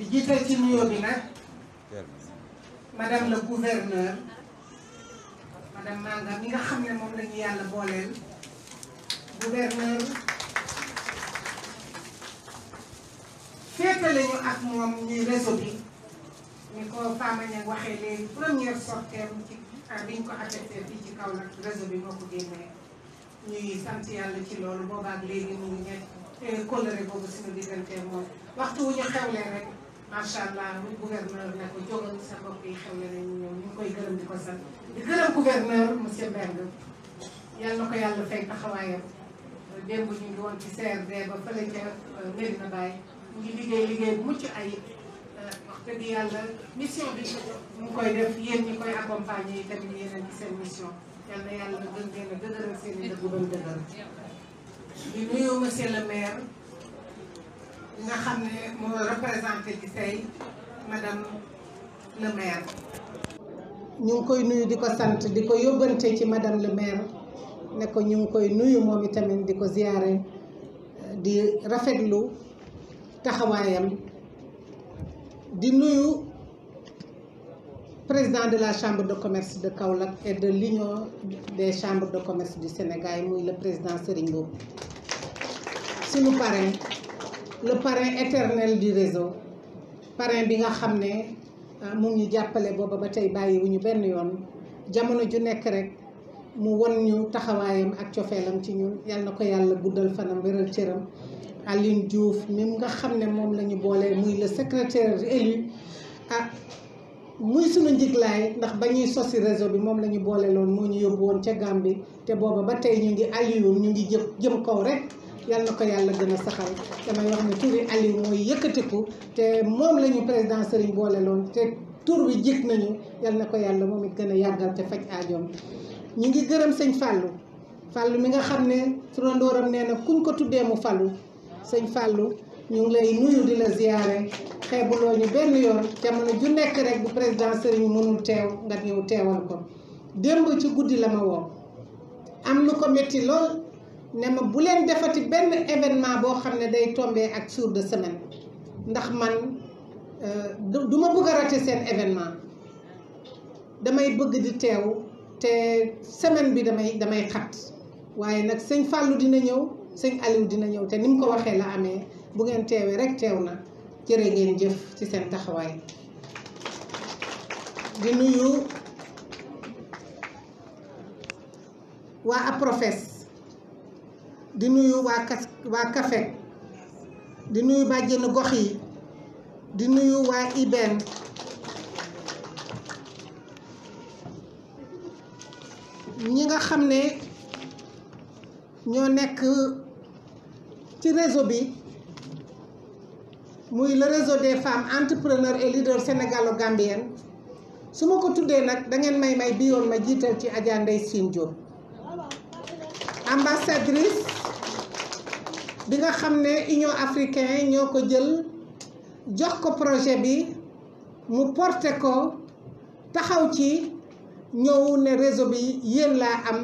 di jiital ci nuyoo bi nag madame la gouverneur madame Manga mi nga xam ne moom la ñu yàlla booleel gouverneur féetale ñu ak moom ñuy réseau ni ko Fama Niang waxee léegi première sorteem ci ah, bi ñu ko affecté fii ci kaw nag réseau bi moo ko génnee ñuy sant yàlla ci loolu boobaak léegi mu ngi nekk eh, kóllëre boobu suñu diggante moom waxtu wu ñu xewlee macha allah mu gouverneur ne ko jógal sa bopp xew nañ ñoom ñu koy gërëm di ko sant di gërëm gouverneur monsieur Mbengue yal na ko yàlla fay taxawaayam démb ñu ngi woon ci CRD ba fële ca euh, Medina Baye mu ngi liggéey liggéey bu mucc ayib euh, wax yàlla mission bi mu ngi koy def yéen ñi koy accompagner yi tamit yéen a seen mission yal na yàlla gën leen a dëgëral seen i dëgg ba mu dëgëral di nuyu monsieur le maire. bi nga xam ne moo représenté ci tey madame le maire. ñu ngi koy nuyu di ko sant di ko yóbbante ci madame le maire ne ko ñu ngi koy nuyu moom itamit di ko ziyaare di rafetlu taxawaayam di nuyu président de la chambre de commerce de Kaolack et de l'union des chambres de commerce du Sénégal muy le président Serigne Mboup suñu parrain le parrain éternel du réseau parrain bi nga xam ne ah, mu ngi jàppale booba ba tey bàyyiwuñu benn yoon jamono ju nekk rek mu won ñu taxawaayam ak cofeelam ci ñun yal na ko yàlla guddal fanam wéral cëram Aline Diouf même nga xam ne moom la ñu boole muy le secrétaire élu ah muy suñu njiglaay ndax ba ñuy sosi réseau bi moom la ñu boole loon moo ñu yóbbu woon ca Gambie te booba ba tey ñu ngi alioon ñu ngi jë jëm kaw rek yal na ko yàlla gën a saxal damay wax ne turi Aliou mooy yëkkatiku te moom la ñu président Serigne boole loon te tur bi jik nañu yal na ko yàlla moom it gën a yàggal te faj aajoom ñu ngi gërëm sëñ fàllu Fallou mi nga xam ne turandooram nee na kuñ ko tuddee mu Fallou sëñ Fallou ñu ngi lay nuyu di la ziyaare xeebuloo ñu benn yoon jamono ju nekk rek bu président Serigne mënul teew nga ñëw teewal ko démb ci guddi la ma woo am lu ko metti lool ne ma bu leen defati benn événement boo xam ne day tombé ak jour de semaine ndax man euh, du duma bëgg a raté seen événement damay bëgg di teew te semaine bi damay damay xat waaye nag sëñ Fallou dina ñëw sëñ Aliou dina ñëw te ni mu ko waxee la amee bu ngeen teewee rek teew na jërë ngeen jëf ci seen taxawaay di nuyu waa APROFES di nuyu waa kas waa Kafe di nuyu bàjjenu gox yi di nuyu waa IBEN ñi nga xam ne ñoo nekk ci réseau bi muy le réseau des femmes entrepreneurs et leaders sénégalo-gambiennes su ma ko tuddee nag dangeen may may bi yoon ma jiital ci Adja Ndeye Sine Diop ambassadrice bi nga xam ne Union africaine ñoo ko jël jox ko projet bi mu porté ko taxaw ci ñëw ne réseau bi yéen laa am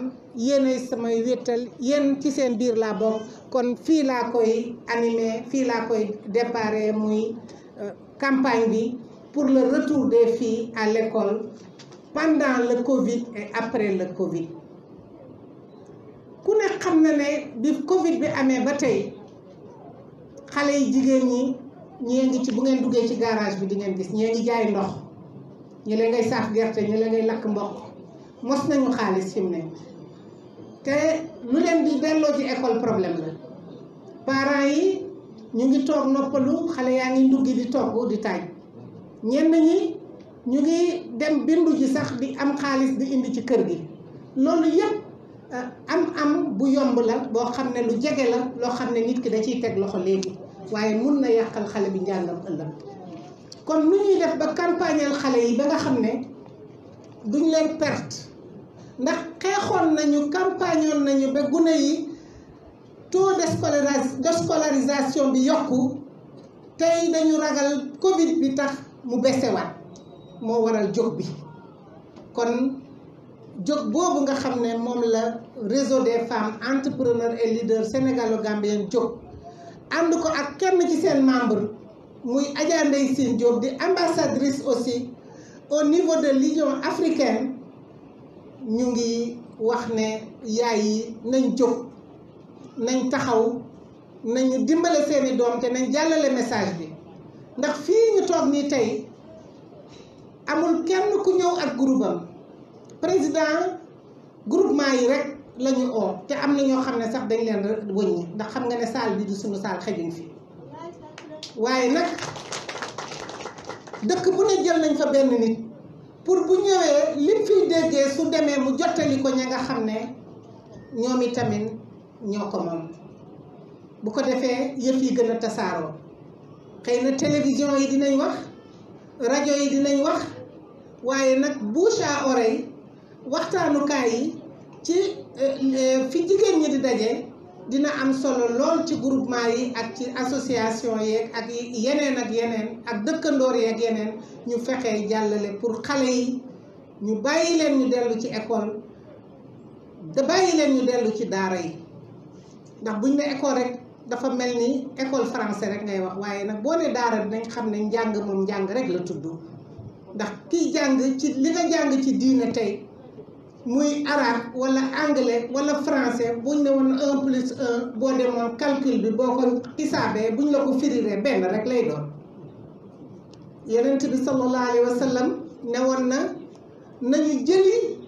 yéenay samay wéttal yéen ci seen biir laa bokk kon fii laa koy animé fii laa koy déparé muy euh, campagne bi pour la retour de fii à l'école pendant le Covid et après le Covid ku ne xam na ne bi Covid bi amee ba tey xale yi jigéen ñi ñee ngi ci bu ngeen duggee ci garage bi di ngeen gis ñee ngi jaay ndox ñi la ngay saaf gerte ñi la ngay lakk mboq mos nañu xaalis fi mu ne te lu leen di delloo ci école problème la parents yi ñu ngi toog noppalu xale yaa ngi nduggi di togg di taaj ñenn ñi ñu ngi dem bindu ji sax di am xaalis di indi ci kër gi loolu yépp am-am euh, bu yomb la boo xam ne lu jege la loo xam ne nit ki da ciy teg loxo léegi waaye mun na yàqal xale bi njàngam ëllëg kon nu ñuy def ba campagnal xale yi ba nga xam ne duñ leen perte ndax xeexoon nañu campagnoon nañu ba gune yi taux de scolarisation bi yokku tey dañu ragal Covid bi tax mu besewaat moo waral jóg bi kon. jóg boobu nga xam ne moom la réseau des femmes entrepreneurs et leaders sénégalo gambien jóg ànd ko ak kenn ci seen membre muy Adja Ndeye seen Diop di ambassadrice aussi au niveau de l'Union africaine ñu ngi wax ne yaay yi nañ jóg nañ taxaw nañu dimbale seeni doom te nañ jàllale message bi ndax fii ñu toog nii tey amul kenn ku ñëw ak groupam président groupement yi rek la ñu te am na ñoo xam ne sax dañ leen wëññi ndax xam nga ne saal bi du suñu saal xejuñ fii waaye nag dëkk bu ne jël nañ fa benn nit pour bu ñëwee lim fiy déggee su demee mu jottali ko ña nga xam ne ñoom tamit ñoo ko moom bu ko defee yëf yi gën a tasaaroo xëy na télévision yi dinañ wax rajo yi dinañ wax waaye nag bouche à waxtaanukaay yi ci eh, eh, fi jigéen ñi di daje dina am solo lool ci groupement yi ak ci association yeeg ak yeneen ak yeneen ak dëkkandoor yeeg yeneen ñu fexee jàllale pour xale yi ñu bàyyi leen ñu dellu ci école da bàyyi leen ñu dellu ci daara yi ndax buñ ne école rek dafa mel ni ecole français rek ngay wax waaye nag boo ne daara dinañ xam ne njàng moom njàng rek la tudd ndax kiy jàng ci li nga jàng ci diine tey muy arabe wala anglais wala français buñ ne woon un plus un boo demoon calcul bi boo ko xisaabee buñ la ko firiree benn rek lay doon yonent bi sallallahu alayhi wa sallam ne woon na nañu jëli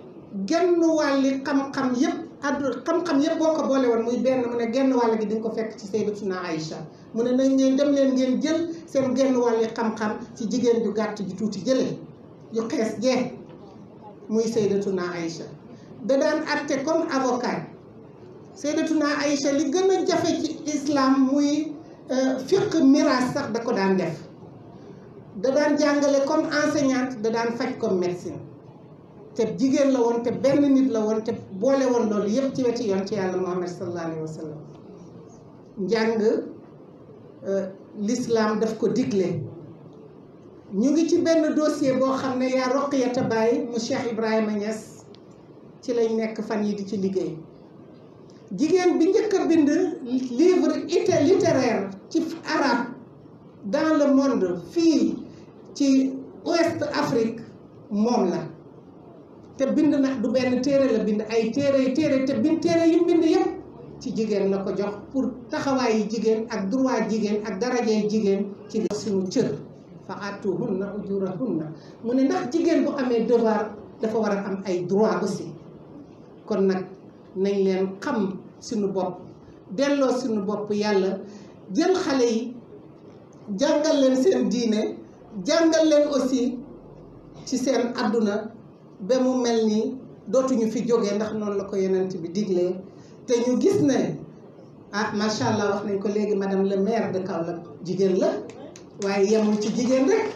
genn wàlli xam-xam yépp addu xam-xam yépp boo ko boole woon muy benn mu ne genn wàll gi di ko fekk ci sayyidatuna Aïcha mu ne nañ leen dem leen ngeen jël seen genn wàlli xam-xam ci jigéen ju gàtt ju tuuti jëlee yu xees jeex muy Seydatuna Aïcha da daan atte comme avocat Seydatuna Aïcha li gën a jafe ci islam muy euh, fiq miraas sax da ko daan def da daan jàngale comme enseignante da daan faj comme médecine te jigéen la woon te benn nit la woon te boole woon loolu yëpp ci wetu yoon ci yàlla Muhammad sallallahu alayhi wa njàng euh, l'islam daf ko digle ñu ngi ci benn dossier boo xam ne yaa Roqiyata Baye mu Cheikh Ibrahima Niass ci lañ nekk fan yi di ci liggéey jigéen bi njëkk a bind livre ité littéraire ci arabe dans le monde fii ci ouest Afrique moom la te bind na du benn téere la bind ay téere téere te bind téere yi bind yépp ci jigéen la ko jox pour taxawaayu jigéen ak droit jigéen ak darajee jigéen ci suñu cër fa aatuhunna ujurahunna mu ne ndax jigéen bu amee devoir dafa war a am ay droit aussi kon nag nañ leen xam suñu bopp delloo suñu bopp yàlla jël xale yi jàngal leen seen diine jàngal leen aussi ci seen àdduna ba mu mel ni dootuñu fi jógee ndax noonu la ko yonent bi diglee te ñu gis ne ah macha allah wax nañ ko léegi madame le maire de Kaolack jigéen la waaye yemul ci jigéen rek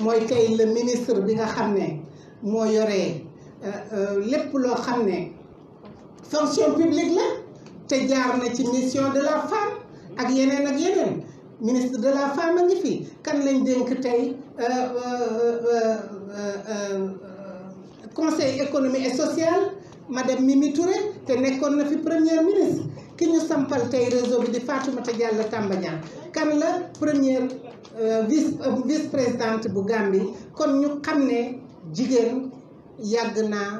mooy tey le ministre bi nga xam ne moo yore euh, euh, lépp loo xam ne fonction publique la te jaar na ci mission de la femme ak yeneen ak yeneen ministre de la femme a ngi fi kan lañ dénk tey euh, conseil économique et social madame mi Touré te nekkoon na fi première ministre ki ñu sampal tey réseau bi di Fatoumata Diallo Tamba Niang kan la première euh, vice euh, vice présidente bu Gambie kon ñu xam ne jigéen yàgg naa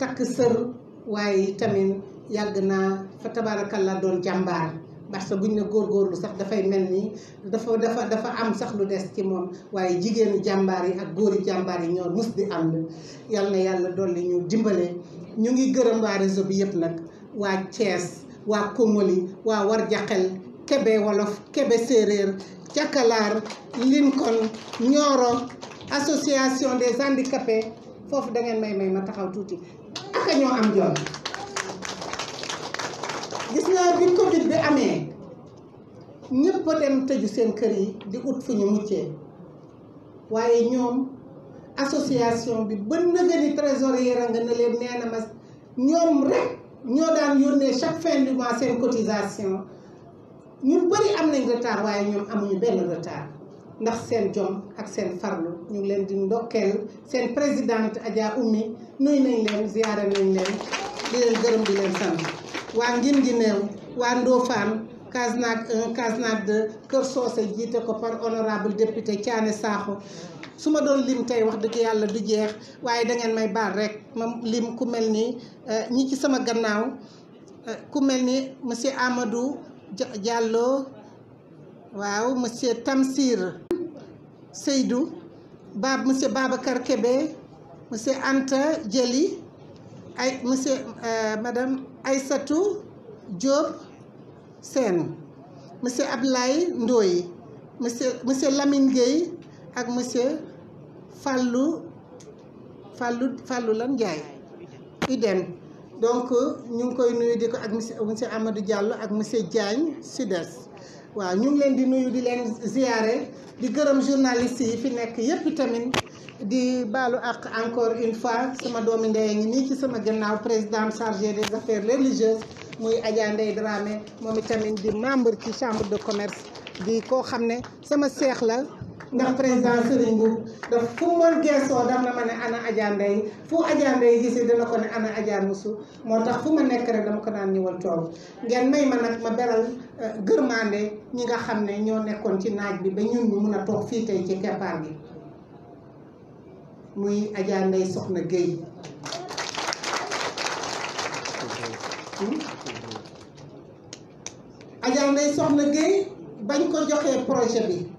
takk sër waaye tamit yàgg naa fa tabaarakalla doon jàmbaar parce que ñu ne góor góorgóorlu sax dafay mel ni dafa dafa dafa am sax lu des ci moom waaye jigéenu jàmbaar yi ak góori jàmbaar yi ñoo mus di am yal na yàlla dolli ñu dimbale ñu ngi gërëm waa réseau bi yëpp nag waa Thiès. waa Komoli waa War Jaxel Kébé Wolof kebe Séeréer cakalaar Lincoln Nioro association des handicapés foofu dangeen ngeen may may ma taxaw tuuti ak a ñoo am jom gis nga bi Covid bi amee ñëpp a dem tëju seen kër yi di ut fu ñu muccee waaye ñoom association bi ba nëgëni trésorier nga ne leen nee na ma ñoom rek ñoo daan yónnee chaque fin du seen cotisation ñu bëri am nañ retard waaye ñoom amuñu benn retard ndax seen jom ak seen farlu ñu ngi leen di ndokkeel seen présidente Adja Oumy nuyu nañ leen ziyaare nañ leen di leen gërëm di leen sant waa ngin gi néew waa Ndofane Kasnack 1 Kasnack Kër soose jiite ko par honorable député Thiané Sakho su ma doon lim tey wax dëgg yàlla du jeex waaye da ngeen may baal rek ma lim ku mel ni eh, ñi ci sama gannaaw eh, ku mel ni monsieur Amadou jàlloo waaw monsieur Tamsir Seydou Bab monsieur Babacar Kébé monsieur Anta Diéli ay monsieur eh, madame Aïssatou Diop Sène monsieur Ablaye Ndoye monsieur monsieur Lamine Gueye ak monsieur fàllu fàllu fàllu lan jaay iden donc ñu ngi koy nuyu di ko ak monsieur monsieur Amadou Diallo ak monsieur Diagne Sudes waaw ñu ngi leen di nuyu di leen ziyaare di gërëm journaliste yi fi nekk yépp tamit di baalu ak encore une fois sama doomi ndey nii ci sama gannaaw président chargé des affaires religieuses muy Adja Ndeye Dramé moom itamit di membre ci chambre de commerce di koo xam ne sama seex la ndax président Serigne Mboup daf fu mën geesoo daf na ma ne ana Adja Ndeye fu Adja Ndeye gisee dina ko ne ana Adja Moussou moo tax fu ma nekk rek dama ko daan ñëwal toog ngeen may ma nag ma beral euh, gërmande ñi nga xam ne ñoo nekkoon ci naaj bi ba ñun ñu mun a toog fii tey ci keppaar gi muy Adja Ndeye Soxna Guèye hmm? Adja Ndeye Soxna Guèye bañ ko joxee projet bi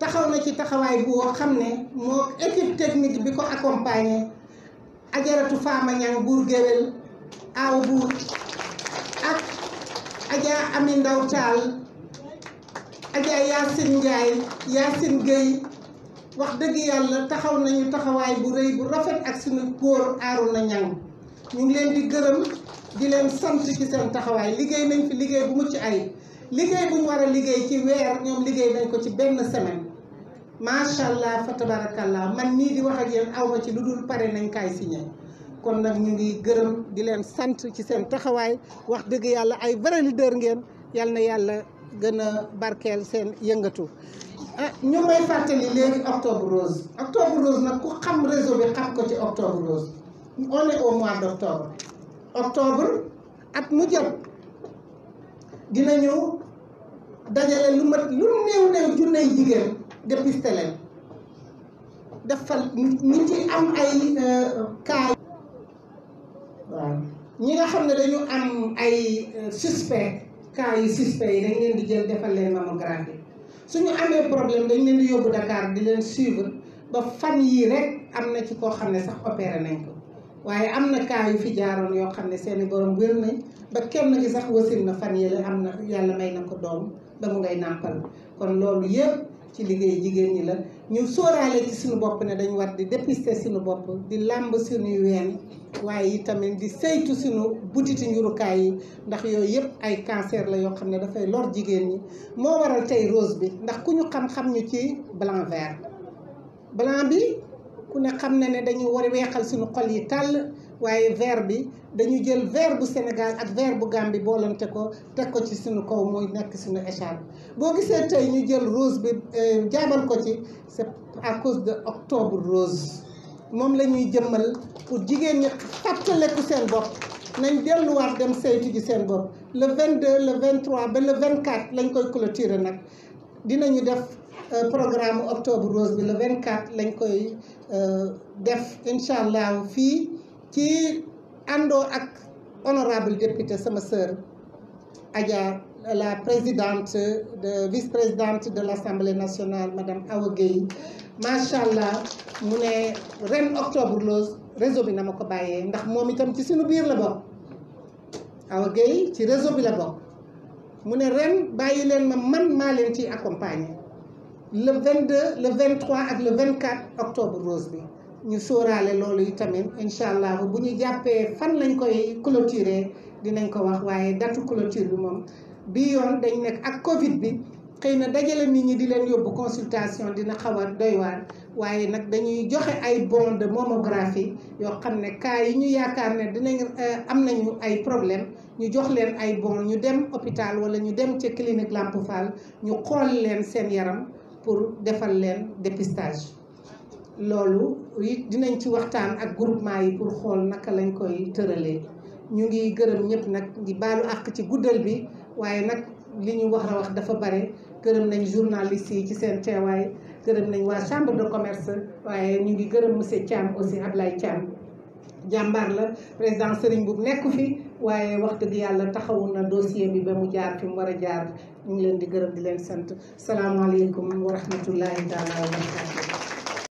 taxaw na ci taxawaay boo xam ne moo équipe technique bi ko accompagner ajaratu Fama Niang buur géwél aaw buur ak aja Ami Ndaw Taal aja Yacine Ndiaye Yacine Gueye wax dëgg yàlla taxaw nañu taxawaay bu rëy bu rafet ak suñu góor na Niang ñu ngi leen di gërëm di leen sant ci seen taxawaay liggéey nañ fi liggéey bu mucc ay liggéey bu ñu war a liggéey ci weer ñoom liggéey nañ ko ci benn semaine macha allah fa tabarakallah man nii di wax ak yéen aw ci lu dul pare nañ kaay signé kon nag ñu ngi gërëm di leen sant ci seen taxawaay wax dëgg yàlla ay vrai leader ngeen yal na yàlla gën a barkeel seen yëngatu. ah ñu may fàttali léegi octobre rose octobre rose nag ku xam réseau bi xam ko ci octobre rose on est au mois d' octobre octobre at mu jot dina ñëw dajale lu ma lu néew néew junney jigéen. dépister leen dafa ni ci am ay euh, cas waaw ñi nga xam ne dañu am ay euh, suspect cas yu suspect yi dañ di jël defal leen mammographie suñu amee problème dañ leen di yóbbu Dakar di leen suivre ba fan yii rek am na ci koo xam ne sax opéré nañ ko waaye am na cas yu fi jaaroon yoo xam ne seeni borom wér nañ ba kenn ki sax wasin na fan yële am na yàlla may na ko doom ba mu ngay nàmpal kon loolu yëpp ci liggéey jigéen ñi la ñu sóoraale ci suñu bopp ne dañu war di dépister suñu bopp di làmb suñuy ween waaye itamit di seytu suñu butiti njurukaay yi ndax yooyu yëpp ay cancer la yoo xam ne dafay lor jigéen ñi moo waral tey rose bi ndax ku ñu xam-xam ñu ci blanc vert blanc bi ku ne xam na ne dañuy war weexal suñu xol yi tàll waaye verbe bi dañu jël verbe bu Sénégal ak ver bu Gambie boolante ko teg ko ci suñu kaw muy nekk suñu écharpe boo gisee tey ñu jël rose bi euh, jaabal ko ci c'est à cause de octobre rose moom la ñuy jëmmal pour jigéen ñi fàttaleku seen bopp nañ delluwaat dem saytu ji seen bopp le 22 le 23 ba le 24 lañ koy clôturer nag dinañu def euh, programme octobre rose bi le 24 lañ koy euh, def incha allah fii. ci àndoo ak honorable député sama sœur Adja la président de vice-présidente de l'Assemblée nationale madame Awa Gueye macha allah mu ne ren octobre rose réseau bi na ma ko bàyyee ndax moom itam ci suñu biir la bokk Awa Gueye ci réseau bi la bokk mu ne ren bàyyi leen ma man maa leen ci accompagner le 22 le 23 ak le 24 octobre rose bi ñu sooraale loolu yi tamit incha allah bu ñu jàppee fan lañ koy clôturer dinañ ko wax waaye datu clôture bi moom bi yoon dañ nekk ak Covid bi xëy na dajale nit ñi di leen yóbbu consultation dina xaw a waaye nag dañuy joxe ay bon de yoo xam ne cas yi ñu yaakaar ne dinañ eh, am nañu ay problème ñu jox leen ay bon ñu dem hôpital wala ñu dem ca clinique Lamp Fall ñu xool leen seen yaram pour defal leen dépistage. loolu it dinañ ci waxtaan ak groupement yi pour xool naka lañ koy tëralee ñu ngi gërëm ñëpp nag di baalu àq ci guddal bi waaye nag li ñu war a wax dafa bare gërëm nañ journaliste yi ci seen teewaay gërëm nañ waa chambre de commerce waaye ñu ngi gërëm monsieur Thiam aussi Ablaye Thiam jàmbaar la président Serigne Boub nekku fi waaye wax dëgg yàlla taxawu na dossier bi ba mu jaar fi mu war a jaar ñu ngi leen di gërëm di leen sant salaamaaleykum wa rahmatullahi taala wa barakatuh